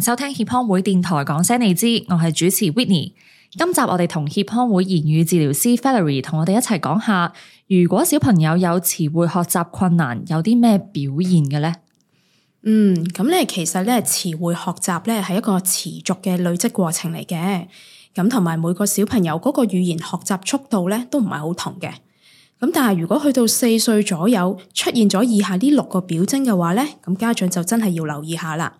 收聽協康會電台講聲你知，我係主持 Whitney。今集我哋同協康會言語治療師 Valerie 同我哋一齊講一下，如果小朋友有詞彙學習困難，有啲咩表現嘅呢嗯？嗯，咁咧其實咧詞彙學習咧係一個持續嘅累積過程嚟嘅。咁同埋每個小朋友嗰個語言學習速度咧都唔係好同嘅。咁但係如果去到四歲左右出現咗以下呢六個表徵嘅話咧，咁家長就真係要留意下啦。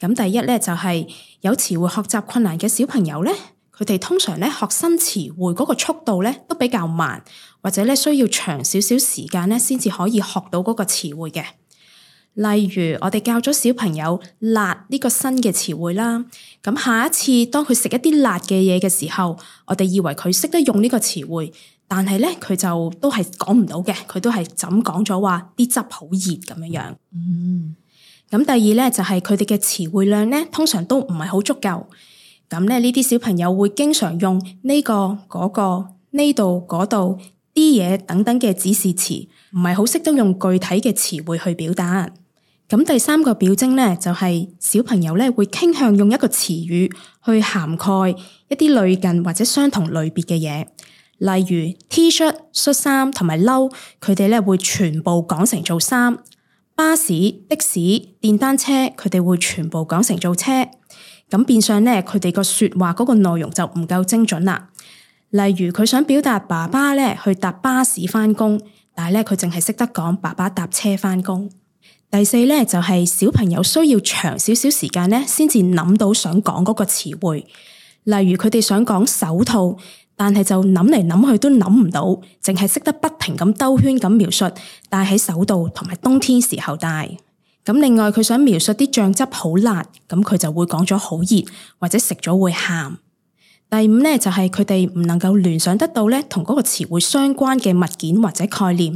咁第一咧就係有詞彙學習困難嘅小朋友咧，佢哋通常咧學新詞彙嗰個速度咧都比較慢，或者咧需要長少少時間咧先至可以學到嗰個詞彙嘅。例如我哋教咗小朋友辣呢個新嘅詞彙啦，咁下一次當佢食一啲辣嘅嘢嘅時候，我哋以為佢識得用呢個詞彙，但係咧佢就都係講唔到嘅，佢都係就咁講咗話啲汁好熱咁樣樣。嗯。咁第二咧就係佢哋嘅詞彙量咧，通常都唔係好足夠。咁咧呢啲小朋友會經常用呢個、嗰個、呢度、嗰度啲嘢等等嘅指示詞，唔係好識得用具體嘅詞彙去表達。咁第三個表徵咧就係小朋友咧會傾向用一個詞語去涵蓋一啲類近或者相同類別嘅嘢，例如 T 恤、恤衫同埋褸，佢哋咧會全部講成做衫。巴士、的士、電單車，佢哋會全部講成做車，咁變相咧，佢哋個說話嗰個內容就唔夠精準啦。例如佢想表達爸爸咧去搭巴士返工，但係咧佢淨係識得講爸爸搭車返工。第四咧就係小朋友需要長少少時間咧，先至諗到想講嗰個詞彙。例如佢哋想講手套。但係就諗嚟諗去都諗唔到，淨係識得不停咁兜圈咁描述。戴喺手度同埋冬天時候戴。咁另外佢想描述啲醬汁好辣，咁佢就會講咗好熱或者食咗會喊。第五咧就係佢哋唔能夠聯想得到咧同嗰個詞彙相關嘅物件或者概念，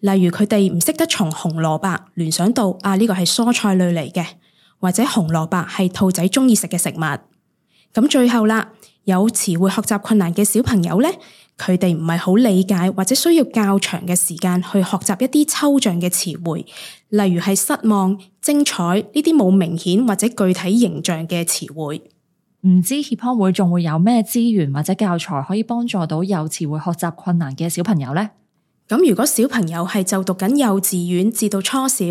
例如佢哋唔識得從紅蘿蔔聯想到啊呢個係蔬菜類嚟嘅，或者紅蘿蔔係兔仔中意食嘅食物。咁最後啦，有詞彙學習困難嘅小朋友咧，佢哋唔係好理解或者需要較長嘅時間去學習一啲抽象嘅詞彙，例如係失望、精彩呢啲冇明顯或者具體形象嘅詞彙。唔知協康會仲會有咩資源或者教材可以幫助到有詞彙學習困難嘅小朋友呢？咁如果小朋友係就讀緊幼稚園至到初小，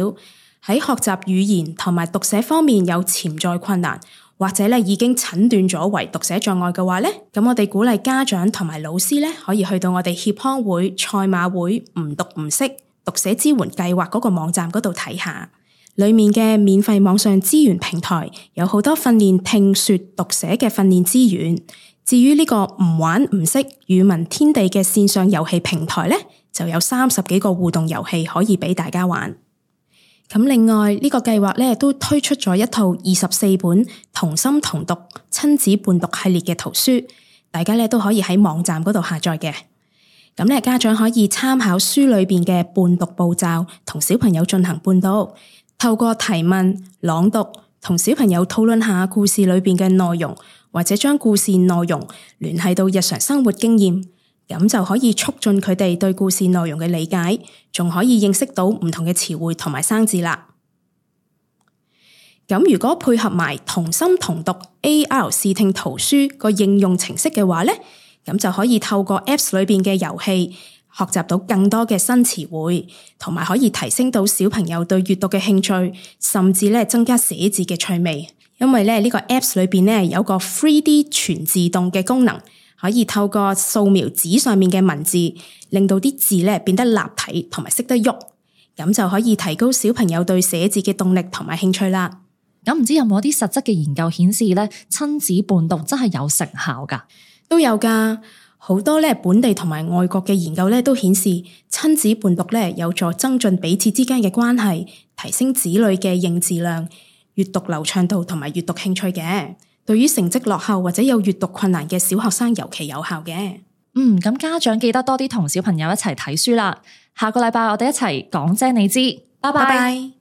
喺學習語言同埋讀寫方面有潛在困難，或者已經診斷咗為讀寫障礙嘅話咧，咁我哋鼓勵家長同埋老師咧，可以去到我哋協康會賽馬會唔讀唔識讀寫支援計劃嗰個網站嗰度睇下，裏面嘅免費網上資源平台有好多訓練聽說讀寫嘅訓練資源。至於呢個唔玩唔識語文天地嘅綫上遊戲平台咧，就有三十幾個互動遊戲可以俾大家玩。咁另外呢，這個計劃呢都推出咗一套二十四本同心同讀親子伴讀系列嘅圖書，大家呢都可以喺網站嗰度下載嘅。咁呢家長可以參考書裏面嘅伴讀步驟，同小朋友進行伴讀，透過提問、朗讀，同小朋友討論下故事裏面嘅內容，或者將故事內容聯繫到日常生活經驗。咁就可以促進佢哋對故事內容嘅理解，仲可以認識到唔同嘅詞彙同埋生字啦。咁如果配合埋同心同讀 AR 視聽圖書個應用程式嘅話咧，咁就可以透過 apps 裏邊嘅遊戲學習到更多嘅新詞彙，同埋可以提升到小朋友對閱讀嘅興趣，甚至咧增加寫字嘅趣味。因為咧呢個 apps 裏邊咧有個 3D 全自動嘅功能。可以透過掃描紙上面嘅文字，令到啲字咧變得立體同埋識得喐，咁就可以提高小朋友對寫字嘅動力同埋興趣啦。咁唔知有冇一啲實質嘅研究顯示呢，親子伴讀真係有成效㗎？都有㗎，好多本地同埋外國嘅研究都顯示親子伴讀有助增進彼此之間嘅關係，提升子女嘅認字量、閱讀流暢度同埋閱讀興趣嘅。對於成績落後或者有閱讀困難嘅小學生尤其有效嘅。嗯，咁家長記得多啲同小朋友一齊睇書啦。下個禮拜我哋一齊講真你知，拜拜 bye。Bye bye